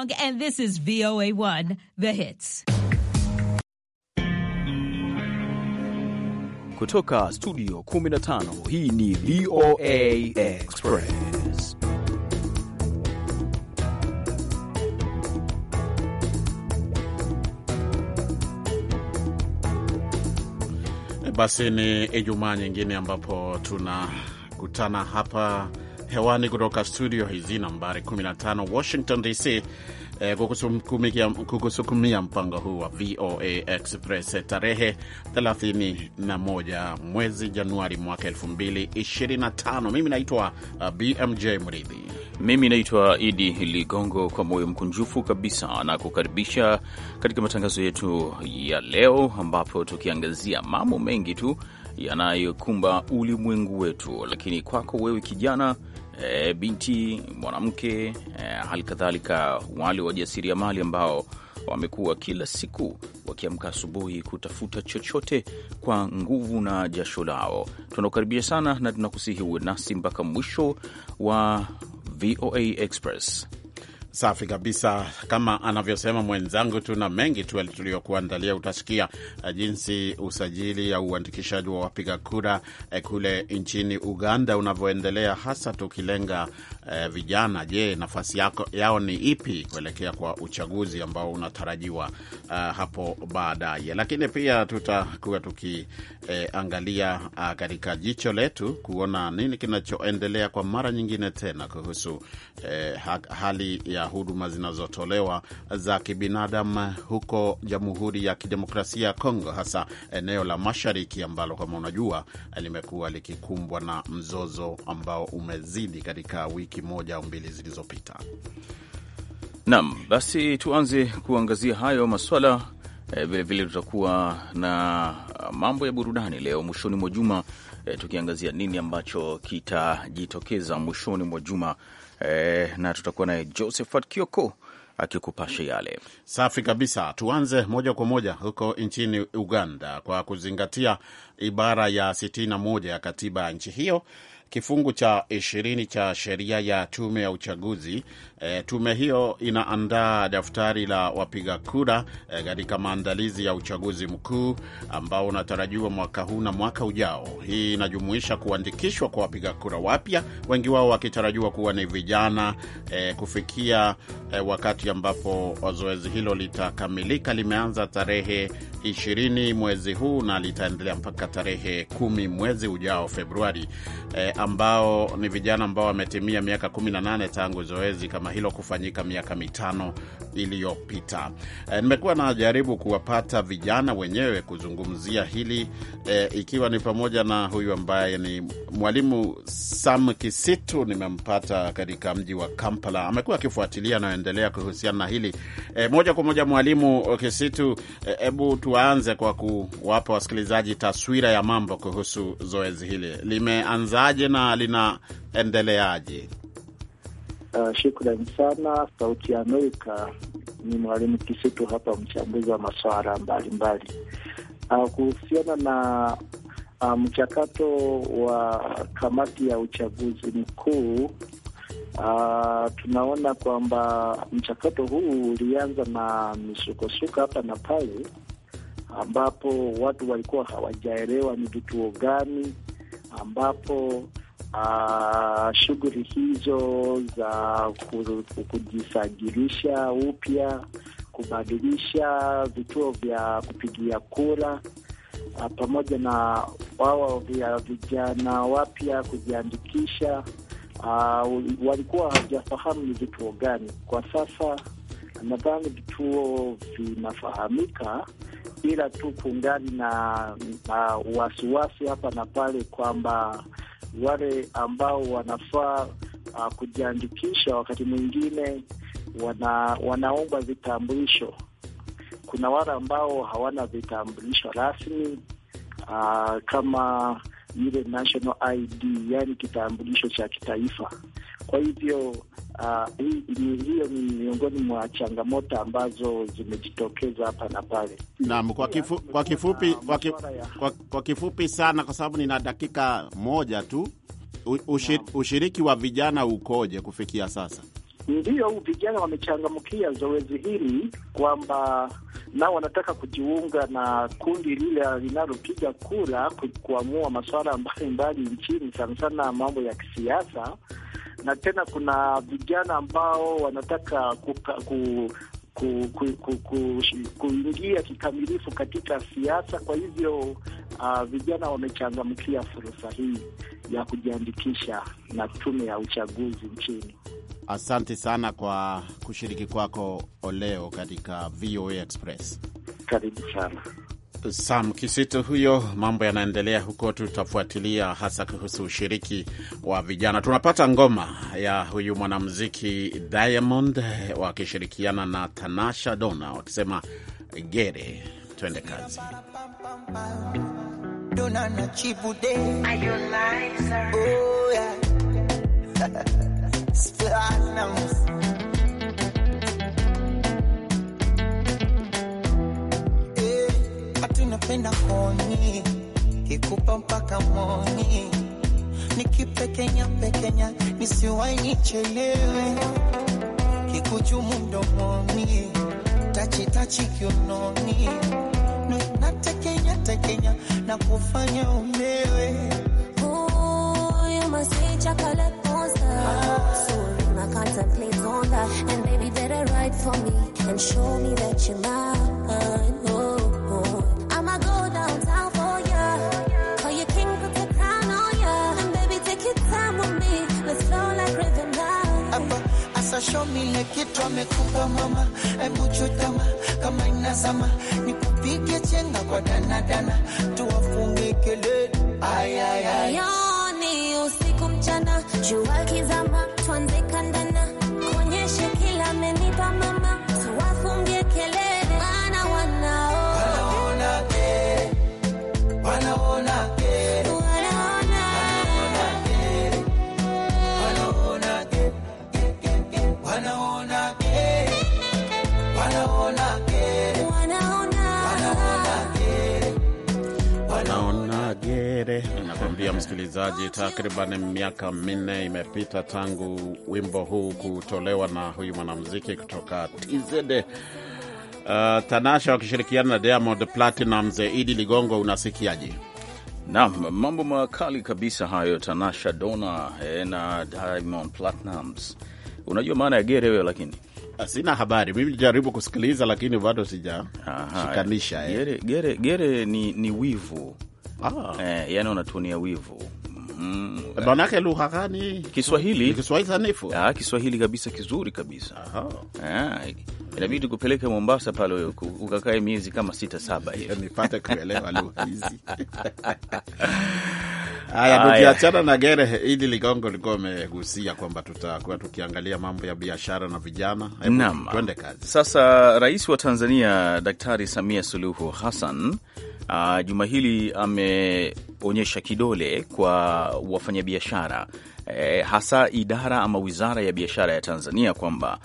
Song, and this is VOA1, The Hits. Kutoka studio 15, hii ni VOA Express. Basi ni Ijumaa nyingine ambapo tunakutana hapa hewani kutoka studio hizi nambari 15 Washington DC, eh, kukusukumia mpango huu wa VOA Express tarehe 31 mwezi Januari mwaka 2025. Mimi naitwa uh, BMJ Mridhi. Mimi naitwa Idi Ligongo, kwa moyo mkunjufu kabisa na kukaribisha katika matangazo yetu ya leo, ambapo tukiangazia mambo mengi tu yanayokumba ulimwengu wetu, lakini kwako wewe kijana e, binti mwanamke e, hali kadhalika wale wajasiriamali ambao wamekuwa kila siku wakiamka asubuhi kutafuta chochote kwa nguvu na jasho lao. Tunakukaribisha sana na tunakusihi uwe nasi mpaka mwisho wa VOA Express. Safi kabisa, kama anavyosema mwenzangu, tuna mengi tu tuliyokuandalia. Utasikia eh, jinsi usajili au uandikishaji wa wapiga kura eh, kule nchini Uganda unavyoendelea, hasa tukilenga eh, vijana. Je, nafasi yako, yao ni ipi kuelekea kwa uchaguzi ambao unatarajiwa uh, hapo baadaye? Lakini pia tutakuwa tukiangalia eh, katika jicho letu kuona nini kinachoendelea kwa mara nyingine tena kuhusu eh, hali ya ya huduma zinazotolewa za kibinadamu huko Jamhuri ya Kidemokrasia ya Kongo, hasa eneo la mashariki ambalo kama unajua limekuwa likikumbwa na mzozo ambao umezidi katika wiki moja au mbili zilizopita. Naam, basi tuanze kuangazia hayo maswala vilevile. Vile tutakuwa na mambo ya burudani leo mwishoni mwa juma, e, tukiangazia nini ambacho kitajitokeza mwishoni mwa juma eh, na tutakuwa naye Josephat Kioko akikupasha yale. Safi kabisa. Tuanze moja kwa moja huko nchini Uganda, kwa kuzingatia ibara ya 61 ya katiba ya nchi hiyo kifungu cha ishirini cha sheria ya tume ya uchaguzi. E, tume hiyo inaandaa daftari la wapiga kura e, katika e, maandalizi ya uchaguzi mkuu ambao unatarajiwa mwaka huu na mwaka ujao. Hii inajumuisha kuandikishwa kwa wapiga kura wapya, wengi wao wakitarajiwa kuwa ni vijana e, kufikia e, wakati ambapo zoezi hilo litakamilika. Limeanza tarehe ishirini mwezi huu na litaendelea mpaka tarehe kumi mwezi ujao Februari. E, ambao ni vijana ambao wametimia miaka 18 tangu zoezi kama hilo kufanyika miaka mitano iliyopita. E, nimekuwa najaribu kuwapata vijana wenyewe kuzungumzia hili e, ikiwa ni pamoja na huyu ambaye ni mwalimu Sam Kisitu, nimempata katika mji wa Kampala, amekuwa akifuatilia anayoendelea kuhusiana na hili e, moja kwa moja. Mwalimu Kisitu, hebu e, tuanze kwa kuwapa wasikilizaji taswira ya mambo kuhusu zoezi hili limeanzaje? na linaendeleaje? Uh, shukrani sana Sauti ya Amerika. Ni Mwalimu Kisitu hapa, mchambuzi wa masuala mbalimbali uh, kuhusiana na uh, mchakato wa kamati ya uchaguzi mkuu. Uh, tunaona kwamba mchakato huu ulianza na misukosuko hapa na pale, ambapo watu walikuwa hawajaelewa ni vituo gani ambapo Ah, shughuli hizo za kujisajilisha upya, kubadilisha vituo vya kupigia kura ah, pamoja na wao vya vijana wapya kujiandikisha. Ah, walikuwa hawajafahamu ni vituo gani. Kwa sasa nadhani vituo vinafahamika, ila tu kungali na, na wasiwasi hapa na pale kwamba wale ambao wanafaa uh, kujiandikisha, wakati mwingine wana, wanaomba vitambulisho. Kuna wale ambao hawana vitambulisho rasmi uh, kama ile national ID, yani kitambulisho cha kitaifa. Kwa hivyo uh, hiyo ni miongoni mwa changamoto ambazo zimejitokeza hapa na pale. Naam, kwa, kifu, kwa, kifupi, kwa, kwa, kwa kifupi sana, kwa sababu nina dakika moja tu, ushiriki wa vijana ukoje kufikia sasa? ndio vijana wamechangamkia zoezi hili kwamba nao wanataka kujiunga na kundi lile linalopiga kura kuamua masuala mbalimbali nchini, sana sana mambo ya kisiasa na tena kuna vijana ambao wanataka kuka, ku, kuingia kikamilifu katika siasa. Kwa hivyo uh, vijana wamechangamkia fursa hii ya kujiandikisha na tume ya uchaguzi nchini. Asante sana kwa kushiriki kwako leo katika VOA Express. Karibu sana. Sam Kisitu huyo. Mambo yanaendelea huko, tutafuatilia hasa kuhusu ushiriki wa vijana. Tunapata ngoma ya huyu mwanamuziki Diamond wakishirikiana na Tanasha Dona wakisema gere. Twende kazi. kitu napenda honi kikupa mpaka moni nikipekenya pekenya nisiwai nichelewe kikuchumu mdomoni tachitachi kiunoni natekenya tekenya na kufanya umewe oh, Kile kitu amekupa mama, hebu chutama kama inazama, nikupige chenga kwa danadana, tuwafunge kelele. Ayayayoni usiku mchana, jua kizama, tuanze kandana msikilizaji, takriban miaka minne imepita tangu wimbo huu kutolewa na huyu mwanamuziki kutoka TZD Uh, Tanasha wakishirikiana na Diamond Platinumz. Idi Ligongo, unasikiaje? Naam, mambo makali kabisa hayo, Tanasha Dona eh, na Diamond Platinumz. Unajua maana ya gere wewe? Lakini ah, sina habari mimi, jaribu kusikiliza, lakini bado sijashikanisha eh. Gere, gere, gere ni, ni wivu ah. Eh, yani unatunia wivu Mm, manake lugha gani? Kiswahili. Kiswahili sanifu. Ah, Kiswahili kabisa kizuri kabisa. Ah, inabidi kupeleka Mombasa pale ukakae miezi kama sita saba hivi. Yaani, nipate kuelewa lugha hizi. Haya, tukiachana na gere ili ligongo likuwa amegusia kwamba tutakuwa tukiangalia mambo ya biashara na vijana. twende kazi. Sasa Rais wa Tanzania Daktari Samia Suluhu Hassan uh, juma hili ameonyesha kidole kwa wafanyabiashara eh, hasa idara ama wizara ya biashara ya Tanzania kwamba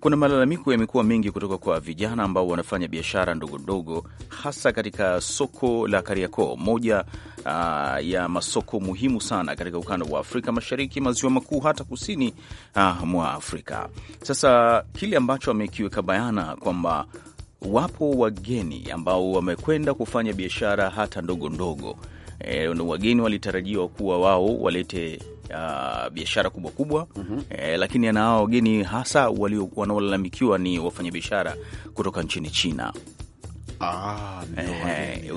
kuna malalamiko yamekuwa mengi kutoka kwa vijana ambao wanafanya biashara ndogo ndogo hasa katika soko la Kariakoo, moja uh, ya masoko muhimu sana katika ukanda wa Afrika Mashariki, maziwa makuu, hata kusini uh, mwa Afrika. Sasa kile ambacho amekiweka bayana kwamba wapo wageni ambao wamekwenda kufanya biashara hata ndogo ndogo. E, wageni walitarajiwa kuwa wao walete uh, biashara kubwa kubwa mm -hmm. E, lakini na hao wageni hasa wanaolalamikiwa ni wafanyabiashara kutoka nchini China. Ah,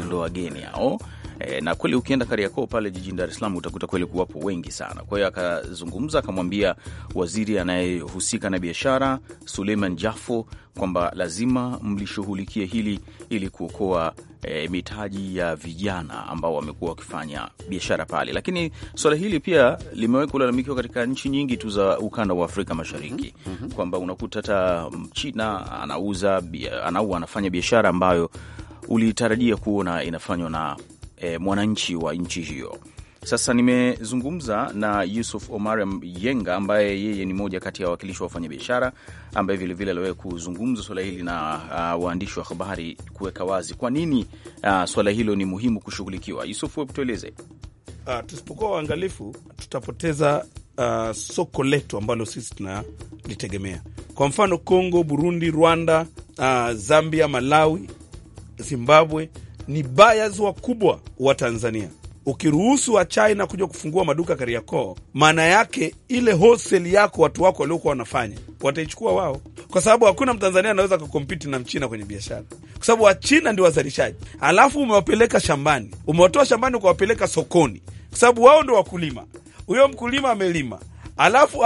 ndo wageni hao eh, E, na kweli ukienda Kariakoo pale jijini Dar es Salaam utakuta kweli kuwapo wengi sana. Kwa hiyo akazungumza akamwambia waziri anayehusika na biashara Suleiman Jafo kwamba lazima mlishughulikie hili ili kuokoa e, mitaji ya vijana ambao wamekuwa wakifanya biashara pale. Lakini swala hili pia limewahi kulalamikiwa katika nchi nyingi tu za ukanda wa Afrika Mashariki mm -hmm. kwamba unakuta hata Mchina anauza anau anafanya biashara ambayo ulitarajia kuona inafanywa na e, mwananchi wa nchi hiyo. Sasa nimezungumza na Yusuf Omar Yenga ambaye yeye ni moja kati ya wawakilishi wa wafanyabiashara ambaye vilevile aliwahi kuzungumza swala hili na uh, waandishi wa habari kuweka wazi kwa nini uh, swala hilo ni muhimu kushughulikiwa. Yusuf, hebu tueleze. Uh, tusipokuwa waangalifu tutapoteza uh, soko letu ambalo sisi tunalitegemea, kwa mfano Kongo, Burundi, Rwanda, uh, Zambia, Malawi, Zimbabwe ni buyers wakubwa wa Tanzania. Ukiruhusu wa China kuja kufungua maduka Kariakoo, maana yake ile wholesale yako watu wako waliokuwa wanafanya wataichukua wao, kwa sababu hakuna Mtanzania anaweza kukompiti na Mchina kwenye biashara, kwa sababu Wachina ndio wazalishaji. Alafu umewapeleka shambani, umewatoa shambani ukawapeleka sokoni, kwa sababu wao ndo wakulima. Huyo mkulima amelima alafu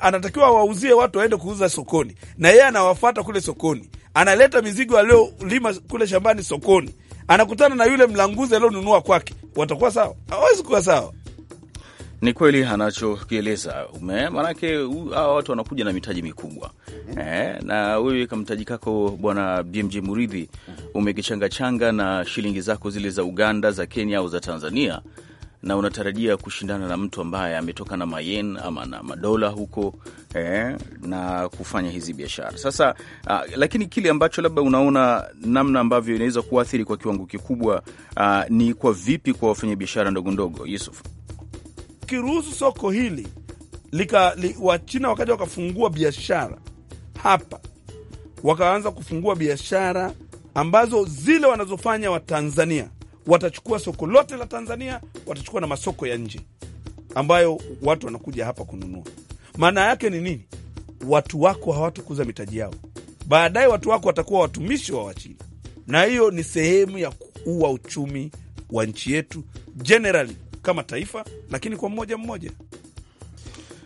anatakiwa wauzie watu waende kuuza sokoni, na yeye anawafata kule sokoni, analeta mizigo aliyolima kule shambani sokoni, anakutana na yule mlanguzi alionunua kwake, watakuwa sawa? Hawezi kuwa sawa. Ni kweli anachokieleza maanake, hawa watu wanakuja na mitaji mikubwa mm -hmm. E, na wewe kamtaji kako bwana BMJ Muridhi mhm. umekichangachanga na shilingi zako zile za Uganda, za Kenya au za Tanzania na unatarajia kushindana na mtu ambaye ametoka na mayen ama na madola huko eh, na kufanya hizi biashara sasa. Uh, lakini kile ambacho labda unaona namna ambavyo inaweza kuathiri kwa kiwango kikubwa uh, ni kwa vipi kwa wafanya biashara ndogo ndogo, Yusuf, kiruhusu soko hili lika li, Wachina wakati wakafungua biashara hapa, wakaanza kufungua biashara ambazo zile wanazofanya Watanzania watachukua soko lote la Tanzania, watachukua na masoko ya nje ambayo watu wanakuja hapa kununua. Maana yake ni nini? Watu wako hawatakuza mitaji yao, baadaye watu wako watakuwa watumishi wa Wachina, na hiyo ni sehemu ya kuua uchumi wa nchi yetu generally kama taifa, lakini kwa mmoja mmoja.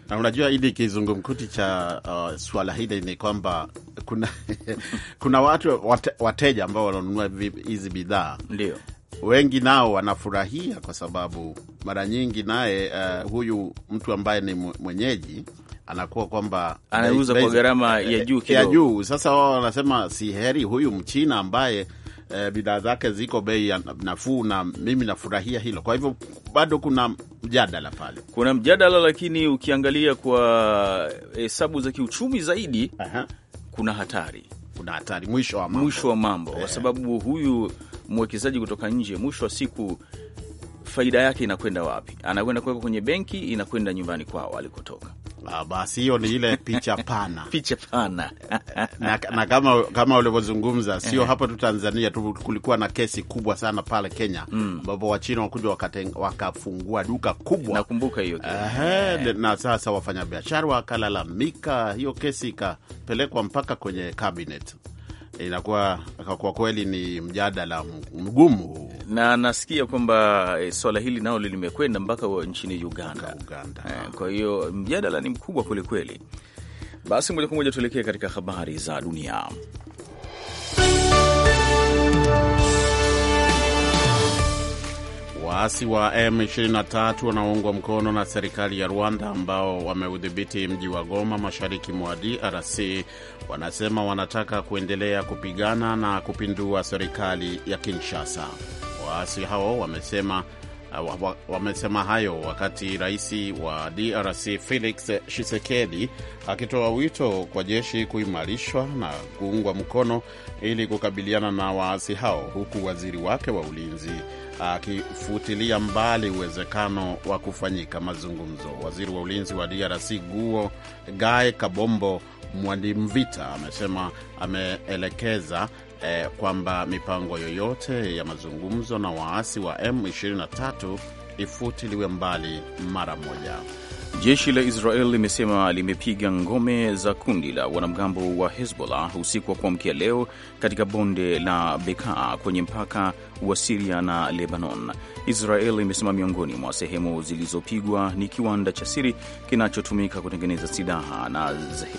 Na unajua ili kizungumkuti cha uh, suala hili ni kwamba kuna kuna watu wate, wateja ambao wananunua hizi bidhaa ndio wengi nao wanafurahia kwa sababu mara nyingi naye uh, huyu mtu ambaye ni mwenyeji anakuwa kwamba anauza kwa gharama ya eh, juu ya juu. Sasa wao wanasema si heri huyu Mchina ambaye E, bidhaa zake ziko bei nafuu na mimi nafurahia hilo. Kwa hivyo bado kuna mjadala pale, kuna mjadala lakini ukiangalia kwa hesabu za kiuchumi zaidi, Aha. kuna hatari, kuna hatari mwisho wa mambo, mwisho wa mambo. Kwa sababu huyu mwekezaji kutoka nje, mwisho wa siku faida yake inakwenda wapi? Anakwenda kuweka kwenye benki, inakwenda nyumbani kwao alikotoka. Ah, basi hiyo ni ile picha pana picha pana na, na kama, kama ulivyozungumza sio eh. hapa tu Tanzania tu, kulikuwa na kesi kubwa sana pale Kenya mm. ambapo mm. Wachina wakuja wakafungua duka kubwa, nakumbuka hiyo uh, na sasa wafanyabiashara wakalalamika, hiyo kesi ikapelekwa mpaka kwenye cabinet inakuwa kwa kweli ni mjadala mgumu, na nasikia kwamba e, swala hili nalo limekwenda mpaka nchini Uganda, Uganda. E, kwa hiyo mjadala ni mkubwa kwelikweli. Basi moja kwa moja tuelekee katika habari za dunia. Waasi wa M23 wanaoungwa mkono na serikali ya Rwanda ambao wameudhibiti mji wa Goma mashariki mwa DRC wanasema wanataka kuendelea kupigana na kupindua serikali ya Kinshasa. Waasi hao wamesema Eh, wamesema hayo wakati rais wa DRC Felix Tshisekedi akitoa wito kwa jeshi kuimarishwa na kuungwa mkono ili kukabiliana na waasi hao, huku waziri wake wa ulinzi akifutilia mbali uwezekano wa kufanyika mazungumzo. Waziri wa ulinzi wa DRC Guo Gae Kabombo Mwandimvita amesema ameelekeza eh, kwamba mipango yoyote ya mazungumzo na waasi wa M23 ifutiliwe mbali mara moja. Jeshi la Israel limesema limepiga ngome za kundi la wanamgambo wa Hezbollah usiku wa kuamkia leo katika bonde la Bekaa kwenye mpaka wa Siria na Lebanon. Israel imesema miongoni mwa sehemu zilizopigwa ni kiwanda cha siri kinachotumika kutengeneza silaha na,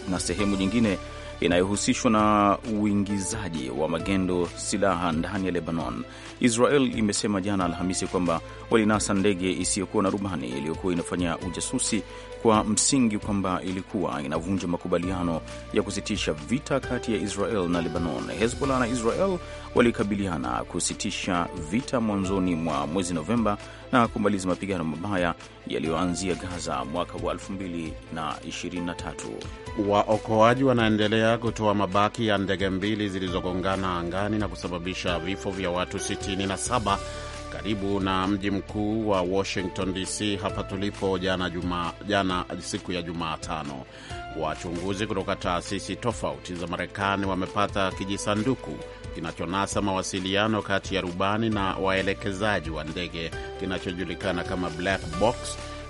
na sehemu nyingine inayohusishwa na uingizaji wa magendo silaha ndani ya Lebanon. Israel imesema jana Alhamisi kwamba walinasa ndege isiyokuwa na rubani iliyokuwa inafanya ujasusi kwa msingi kwamba ilikuwa inavunja makubaliano ya kusitisha vita kati ya Israel na Lebanon. Hezbollah na Israel walikabiliana kusitisha vita mwanzoni mwa mwezi Novemba na kumaliza mapigano mabaya yaliyoanzia Gaza mwaka wa 2023. Waokoaji wanaendelea kutoa mabaki ya ndege mbili zilizogongana angani na kusababisha vifo vya watu 67 karibu na mji mkuu wa Washington DC, hapa tulipo jana, juma, jana siku ya Jumatano. Wachunguzi kutoka taasisi tofauti za Marekani wamepata kijisanduku kinachonasa mawasiliano kati ya rubani na waelekezaji wa ndege kinachojulikana kama black box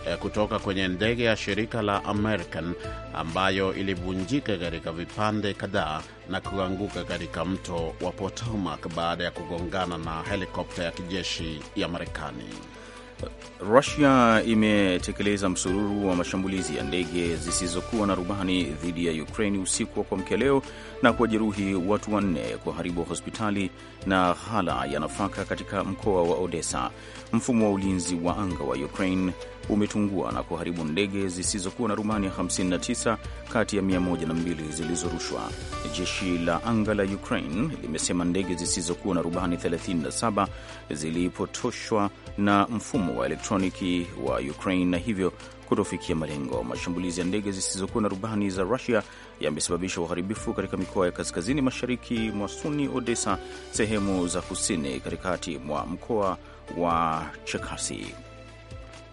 eh, kutoka kwenye ndege ya shirika la American ambayo ilivunjika katika vipande kadhaa na kuanguka katika mto wa Potomac baada ya kugongana na helikopta ya kijeshi ya Marekani. Rusia imetekeleza msururu wa mashambulizi ya ndege zisizokuwa na rubani dhidi ya Ukraini usiku wa kuamkia leo na kuwajeruhi watu wanne, kuharibu hospitali na ghala ya nafaka katika mkoa wa Odessa. Mfumo wa ulinzi wa anga wa Ukraine umetungua na kuharibu ndege zisizokuwa na rumani 59 kati ya 102 zilizorushwa. Jeshi la anga la Ukraine limesema ndege zisizokuwa na rubani 37 zilipotoshwa na mfumo wa elektroniki wa Ukraine na hivyo kutofikia malengo. Mashambulizi ya ndege zisizokuwa na rubani za Rusia yamesababisha uharibifu katika mikoa ya kaskazini mashariki mwa Suni, Odessa, sehemu za kusini, katikati mwa mkoa wa Chekasi.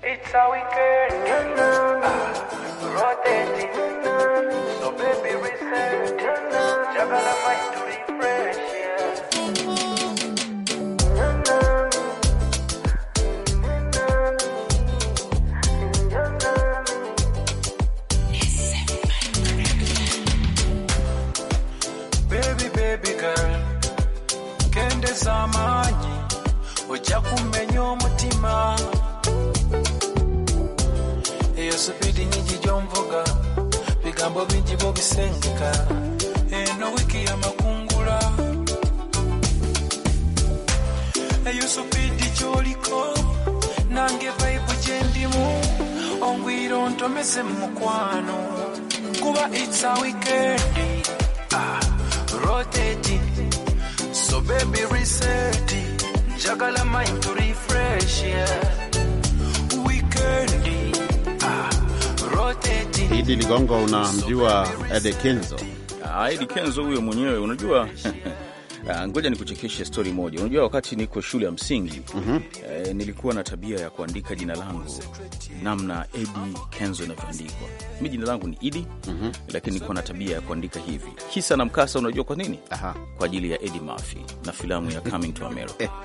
It's a weekend, rotating, so baby reset, juggle a mind to refresh, yeah. ojja kumenya omutima sipidi nyingi gyomvuga bigambo bingi bobisengeka eno wiki ya makungula eyo supidi gyoliko nange vaibu gyendimu ongwiro ntomeze mu mukwano kuba its a weekend ah, roteti so baby reset njagala mind to refresh yeah. Idi Ligongo, unamjua Ede Kenzo? Ah, Edi Kenzo huyo mwenyewe unajua Ah, ngoja nikuchekeshe stori moja. Unajua, wakati niko shule ya msingi mm -hmm. E, nilikuwa na tabia ya kuandika jina langu namna Edi Kenzo inavyoandikwa. Mi jina langu ni Idi mm -hmm. Lakini nilikuwa na tabia ya kuandika hivi, kisa na mkasa. Unajua kwa nini? Aha. Kwa ajili ya Edi Murphy na filamu ya Coming to America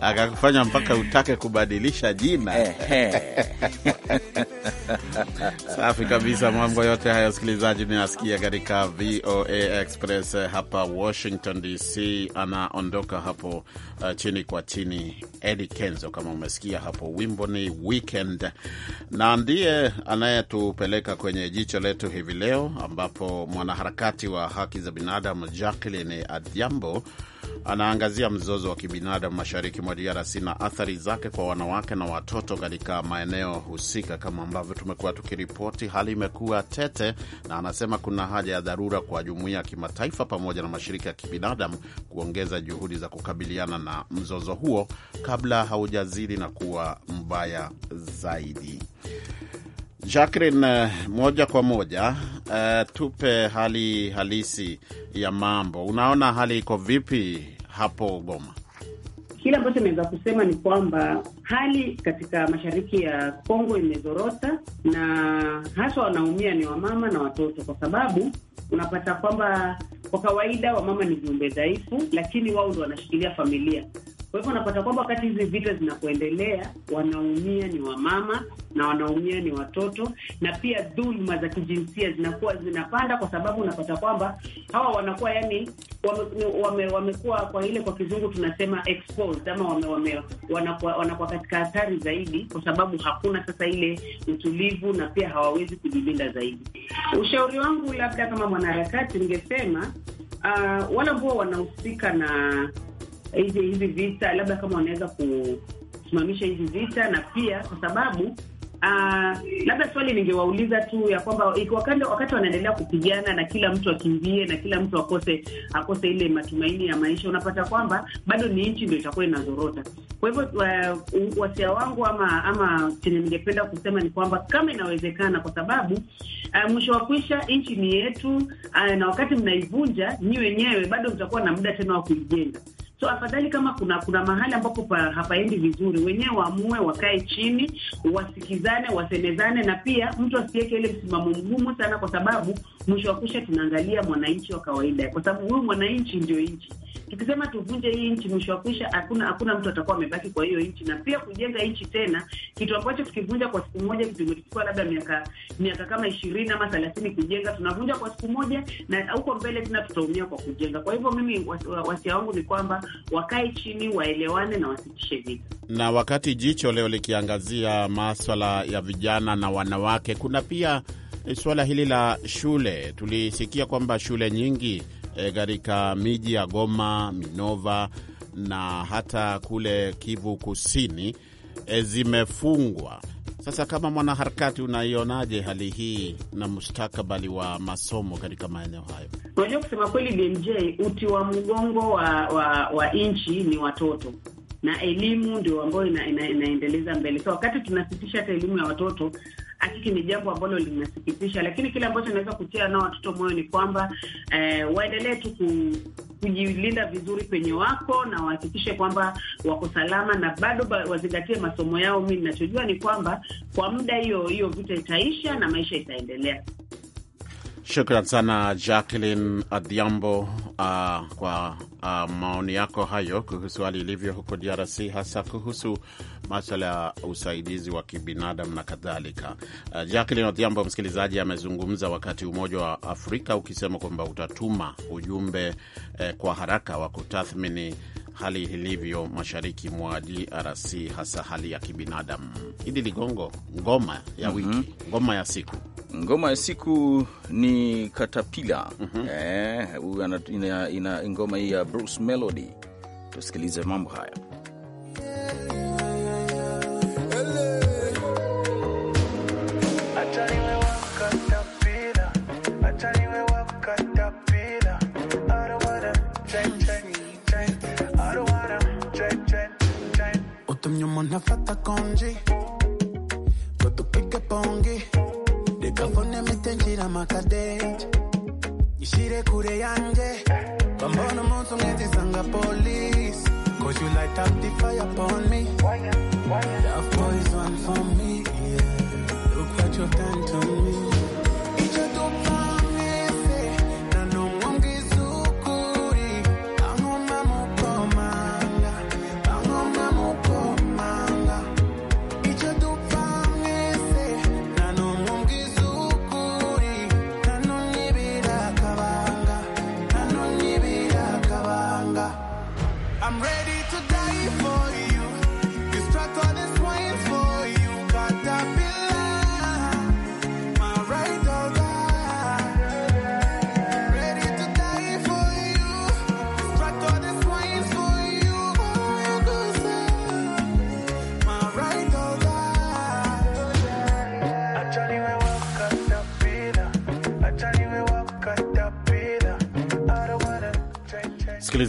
akakufanya mpaka utake kubadilisha jina eh, eh. safi kabisa. Mambo yote haya, wasikilizaji, mnayasikia katika VOA Express hapa hapa Washington DC anaondoka hapo uh, chini kwa chini. Eddie Kenzo, kama umesikia hapo, wimbo ni Weekend, na ndiye anayetupeleka kwenye jicho letu hivi leo, ambapo mwanaharakati wa haki za binadamu Jacqueline Adhiambo anaangazia mzozo wa kibinadamu mashariki mwa DRC na athari zake kwa wanawake na watoto katika maeneo husika. Kama ambavyo tumekuwa tukiripoti, hali imekuwa tete, na anasema kuna haja ya dharura kwa jumuiya ya kimataifa pamoja na mashirika ya kibinadamu kuongeza juhudi za kukabiliana na mzozo huo kabla haujazidi na kuwa mbaya zaidi. Jacqueline, eh, moja kwa moja uh, tupe hali halisi ya mambo. Unaona hali iko vipi hapo Goma? Kile ambacho naweza kusema ni kwamba hali katika mashariki ya Kongo imezorota, na haswa wanaumia ni wamama na watoto, kwa sababu unapata kwamba kwa kawaida wamama ni viumbe dhaifu, lakini wao ndo wanashikilia familia. Kwa hivyo unapata kwamba wakati hizi vita zinapoendelea, wanaumia ni wamama na wanaumia ni watoto, na pia dhuluma za kijinsia zinakuwa zinapanda, kwa sababu unapata kwamba hawa wanakuwa yani wamekuwa wame, wame kwa ile kwa kizungu tunasema exposed, ama wame, wame, wanakuwa, wanakuwa katika hatari zaidi, kwa sababu hakuna sasa ile utulivu na pia hawawezi kujilinda zaidi. Ushauri wangu labda kama mwanaharakati, ningesema uh, wale ambao wanahusika na hizi hizi vita, labda kama wanaweza kusimamisha hizi vita, na pia kwa sababu Uh, labda swali ningewauliza tu ya kwamba wakati, wakati wanaendelea kupigana na kila mtu akimbie na kila mtu akose akose ile matumaini ya maisha, unapata kwamba bado ni nchi ndio itakuwa inazorota. Kwa hivyo uh, wasia wangu ama ama chenye ningependa kusema ni kwamba kama inawezekana, kwa sababu uh, mwisho wa kwisha nchi ni yetu uh, na wakati mnaivunja nyi wenyewe bado mtakuwa na muda tena wa kuijenga. So afadhali kama kuna kuna mahali ambapo hapaendi vizuri, wenyewe waamue, wakae chini, wasikizane, wasemezane, na pia mtu asiweke ile msimamo mgumu sana, kwa sababu mwisho wa kusha tunaangalia mwananchi wa kawaida, kwa sababu huyu mwananchi ndio nchi tukisema tuvunje hii nchi, mwisho wa kuisha, hakuna hakuna mtu atakuwa amebaki kwa hiyo nchi, na pia kujenga nchi tena, kitu ambacho tukivunja kwa siku moja kitumechukua labda miaka miaka kama ishirini ama thelathini kujenga, tunavunja kwa siku moja, na huko mbele tena tutaumia kwa kujenga. Kwa hivyo mimi wasia wangu ni kwamba wakae chini, waelewane na wasitishe vita. Na wakati jicho leo likiangazia maswala ya vijana na wanawake, kuna pia eh, suala hili la shule. Tulisikia kwamba shule nyingi Eh, katika miji ya Goma, Minova na hata kule Kivu Kusini e, zimefungwa. Sasa kama mwanaharakati, unaionaje hali hii na mustakabali wa masomo katika maeneo hayo? Unajua, kusema kweli, BMJ, uti wa mgongo wa, wa, wa nchi ni watoto na elimu ndio ambayo ina, ina, inaendeleza mbele. So wakati tunasitisha hata elimu ya watoto hakiki ni jambo ambalo linasikitisha, lakini kile ambacho naweza kutia nao watoto moyo ni kwamba eh, waendelee tu ku kujilinda vizuri penye wako na wahakikishe kwamba wako salama na bado ba, wazingatie masomo yao. Mi ninachojua ni kwamba kwa muda hiyo hiyo vita itaisha na maisha itaendelea. Shukran sana Jacqueline Adhiambo uh, kwa uh, maoni yako hayo kuhusu hali ilivyo huko DRC, hasa kuhusu maswala ya usaidizi wa kibinadamu na kadhalika. Uh, Jacqueline Adhiambo, msikilizaji, amezungumza wakati Umoja wa Afrika ukisema kwamba utatuma ujumbe eh, kwa haraka wa kutathmini hali ilivyo mashariki mwa DRC, hasa hali ya kibinadamu. Idi Ligongo, ngoma ya mhm. wiki mm -hmm. ngoma ya siku ngoma ya siku ni Katapila. mm -hmm. Eh, ina, ina, ina ngoma hii ya Bruce Melody, tusikilize mambo haya. fat nafata konji to tupike pongi nikafone mitenjira They ishire kure yanje pambona munsi mwenzisanga polisi cause you light up the fire upon me love poison for me yeah. look what you've done to me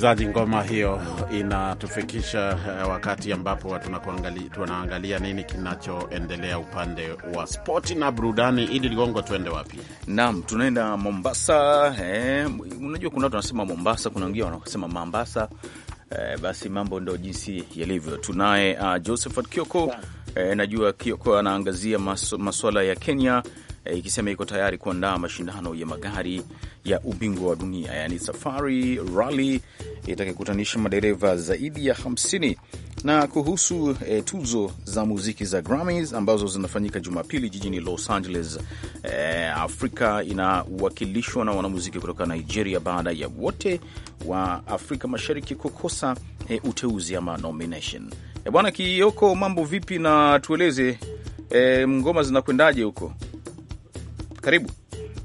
msikilizaji, ngoma hiyo inatufikisha eh, wakati ambapo tunaangalia nini kinachoendelea upande wa spoti na burudani. Ili Ligongo, tuende wapi? Naam, tunaenda Mombasa. Eh, unajua kuna watu wanasema Mombasa, kuna wengine wanasema Mambasa. Eh, basi mambo ndo jinsi yalivyo. Tunaye uh, Josephat Kioko. Eh, najua Kioko anaangazia maswala ya Kenya Eh, ikisema iko tayari kuandaa mashindano ya magari ya ubingwa wa dunia, yaani Safari Rally itakayokutanisha madereva zaidi ya 50. Na kuhusu eh, tuzo za muziki za Grammys ambazo zinafanyika Jumapili jijini Los Angeles, eh, Afrika inawakilishwa na wanamuziki kutoka Nigeria baada ya wote wa Afrika Mashariki kukosa eh, uteuzi ama nomination. Eh, bwana Kioko, mambo vipi? Na tueleze eh, ngoma zinakwendaje huko? Karibu.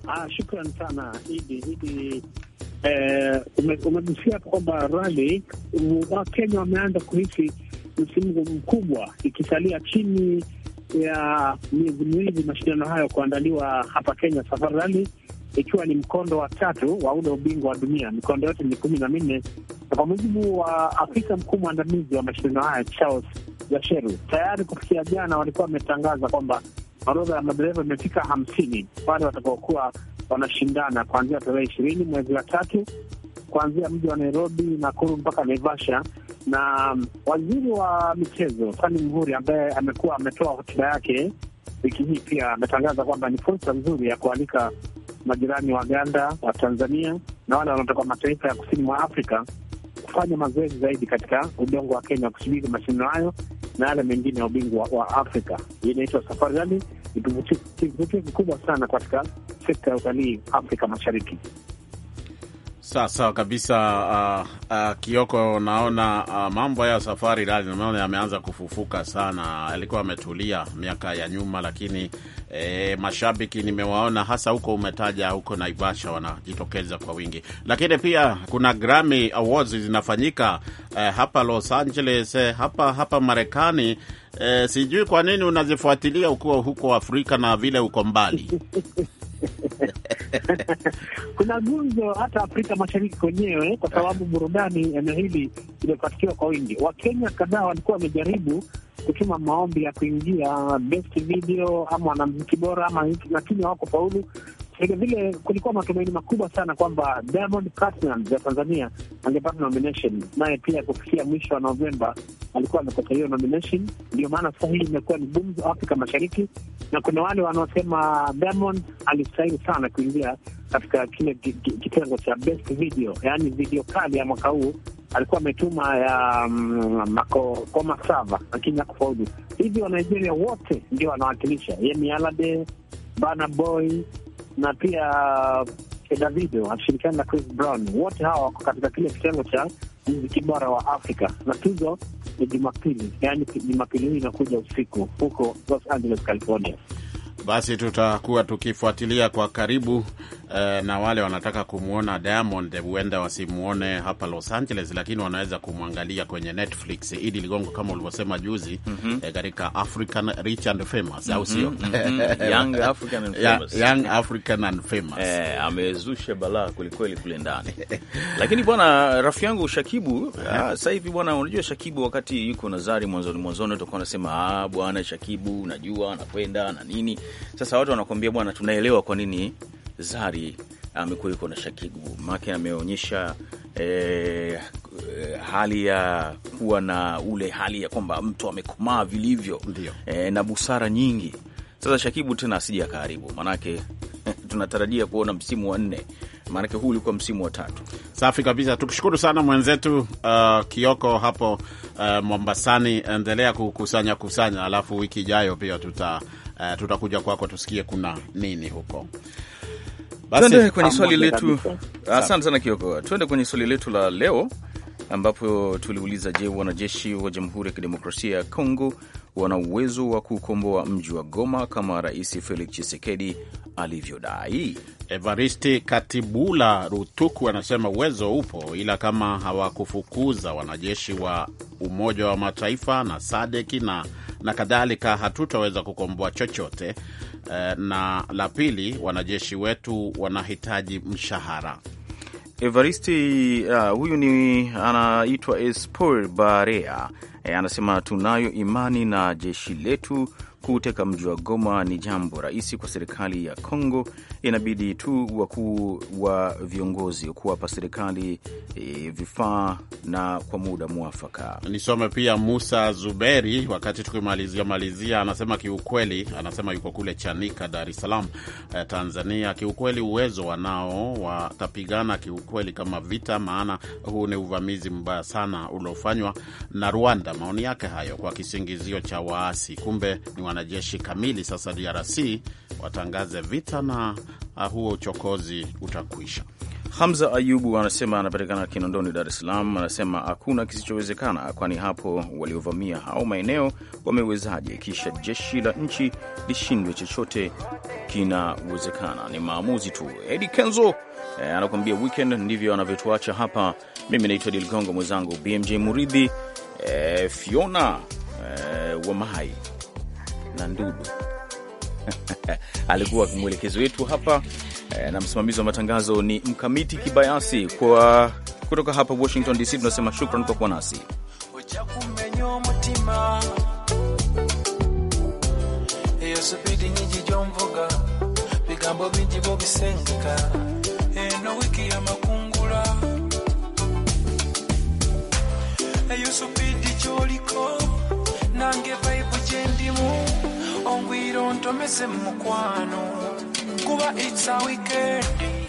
Ah, shukran sana Idi Idi. Eh, umegusia hapo kwamba rali Wakenya wameanza kuhisi msimgu mkubwa, ikisalia chini ya miezi miwili mashindano hayo kuandaliwa hapa Kenya, Safari Rali ikiwa ni mkondo wa tatu wa ule ubingwa wa dunia. Mikondo yote ni kumi na minne, na kwa mujibu wa afisa mkuu mwandamizi wa mashindano haya Charles Gasheru, tayari kufikia jana walikuwa wametangaza kwamba orodha ya madereva imefika hamsini wale watakaokuwa wanashindana kuanzia tarehe ishirini mwezi wa tatu kuanzia mji wa Nairobi, Nakuru mpaka Naivasha. Na um, waziri wa michezo Sani Mhuri ambaye amekuwa ametoa hotuba yake wiki hii pia ametangaza kwamba ni fursa nzuri ya kualika majirani wa Uganda, wa Tanzania na wale wanaotoka mataifa ya kusini mwa Afrika kufanya mazoezi zaidi katika udongo wa Kenya kusubiri mashindano hayo na yale mengine ya ubingwa wa Afrika. Hii inaitwa safari nani, ni kivutio kikubwa sana katika sekta ya utalii Afrika Mashariki. Sawa sawa kabisa. Uh, uh, Kioko, naona uh, mambo ya Safari Rali naona yameanza kufufuka sana. Alikuwa ametulia miaka ya nyuma, lakini eh, mashabiki nimewaona hasa huko, umetaja huko Naivasha wanajitokeza kwa wingi, lakini pia kuna Grammy Awards zinafanyika eh, hapa Los Angeles eh, hapa hapa Marekani. Eh, sijui kwa nini unazifuatilia ukiwa huko Afrika na vile uko mbali kuna gumzo hata Afrika Mashariki kwenyewe, kwa sababu burudani eneo hili imepatikiwa kwa wingi. Wakenya kadhaa walikuwa wamejaribu kutuma maombi ya kuingia best video ama wanamziki bora ama hiki, lakini hawako faulu vile kulikuwa matumaini makubwa sana kwamba Diamond Platnumz ya Tanzania angepata nomination, naye pia kufikia mwisho wa Novemba alikuwa amepata hiyo nomination. Ndio maana sasa hii imekuwa ni gumzo Afrika Mashariki, na kuna wale wanaosema Diamond alistahili sana kuingia katika kile kitengo cha best video, yaani video kali ya mwaka huu alikuwa ametuma ya um, mm, makoma sava lakini hakufaulu. Hivi wa Nigeria wote ndio wanawakilisha Yemi Alade, Burna Boy na pia eh, Davido akishirikiana na Chris Brown, wote hawa wako katika kile kitengo cha mziki bora wa Afrika na tuzo ni Jumapili, yaani Jumapili hii inakuja usiku huko Los Angeles, California. Basi tutakuwa tukifuatilia kwa karibu Eh, na wale wanataka kumwona Diamond huenda wasimwone hapa Los Angeles, lakini wanaweza kumwangalia kwenye Netflix. Idi Ligongo, kama ulivyosema juzi mm -hmm. katika African Rich and Famous, au sio? Mhm, mhm, mhm. Young African and Famous, eh, amezusha balaa kwelikweli kule ndani lakini bwana rafiki yangu Shakibu ah, sasa hivi bwana, unajua Shakibu wakati yuko Nazari mwanzoni mwanzoni utakuwa unasema ah, bwana Shakibu, najua anakwenda na nini. Sasa watu wanakuambia bwana, tunaelewa kwa nini Zari ah, amekuwa yuko na shakibu make ameonyesha e, hali ya kuwa na ule hali ya kwamba mtu amekomaa vilivyo e, na busara nyingi. Sasa Shakibu tena asija karibu maanake tunatarajia kuona msimu wa nne, maanake huu ulikuwa msimu wa tatu. Safi kabisa, tukushukuru sana mwenzetu uh, Kioko hapo uh, Mombasani. Endelea kukusanya kusanya, alafu wiki ijayo pia tuta, uh, tutakuja kwako tusikie kuna nini huko. Basi kwenye swali letu. Asante sana Kioko, Tuende kwenye swali letu la leo ambapo tuliuliza, je, wanajeshi wa Jamhuri ya Kidemokrasia ya Kongo wana uwezo wa kukomboa mji wa Goma kama Rais Felix Tshisekedi alivyodai? Evaristi Katibula Rutuku anasema uwezo upo, ila kama hawakufukuza wanajeshi wa Umoja wa Mataifa na Sadeki na, na kadhalika, hatutaweza kukomboa chochote e. Na la pili, wanajeshi wetu wanahitaji mshahara. Evaristi uh, huyu ni anaitwa Espor Barea e, anasema tunayo imani na jeshi letu kuteka mji wa Goma ni jambo rahisi kwa serikali ya congo Inabidi tu wakuu wa viongozi kuwapa serikali e, vifaa na kwa muda mwafaka. Nisome pia Musa Zuberi, wakati tukimalizia malizia, anasema kiukweli, anasema yuko kule Chanika, Dar es Salaam, eh, Tanzania. Kiukweli uwezo wanao, watapigana kiukweli kama vita, maana huu ni uvamizi mbaya sana uliofanywa na Rwanda. Maoni yake hayo kwa kisingizio cha waasi, kumbe ni wanajeshi kamili sasa DRC watangaze vita na uh, huo uchokozi utakwisha. Hamza Ayubu anasema anapatikana Kinondoni, Dar es Salaam. Anasema hakuna kisichowezekana, kwani hapo waliovamia hao maeneo wamewezaje? Kisha jeshi la nchi lishindwe? Chochote kinawezekana, ni maamuzi tu. Edi Kenzo eh, anakuambia weekend ndivyo anavyotuacha hapa. Mimi naitwa Dil mwenzangu BMJ Muridhi, eh, Fiona eh, Wamai na Ndudu. Alikuwa mwelekezi wetu hapa eh, na msimamizi wa matangazo ni Mkamiti Kibayasi. Kwa kutoka hapa Washington DC tunasema shukran kwa kuwa nasi. kyendimu ongwira ontomeze mukwano kuba it's a weekend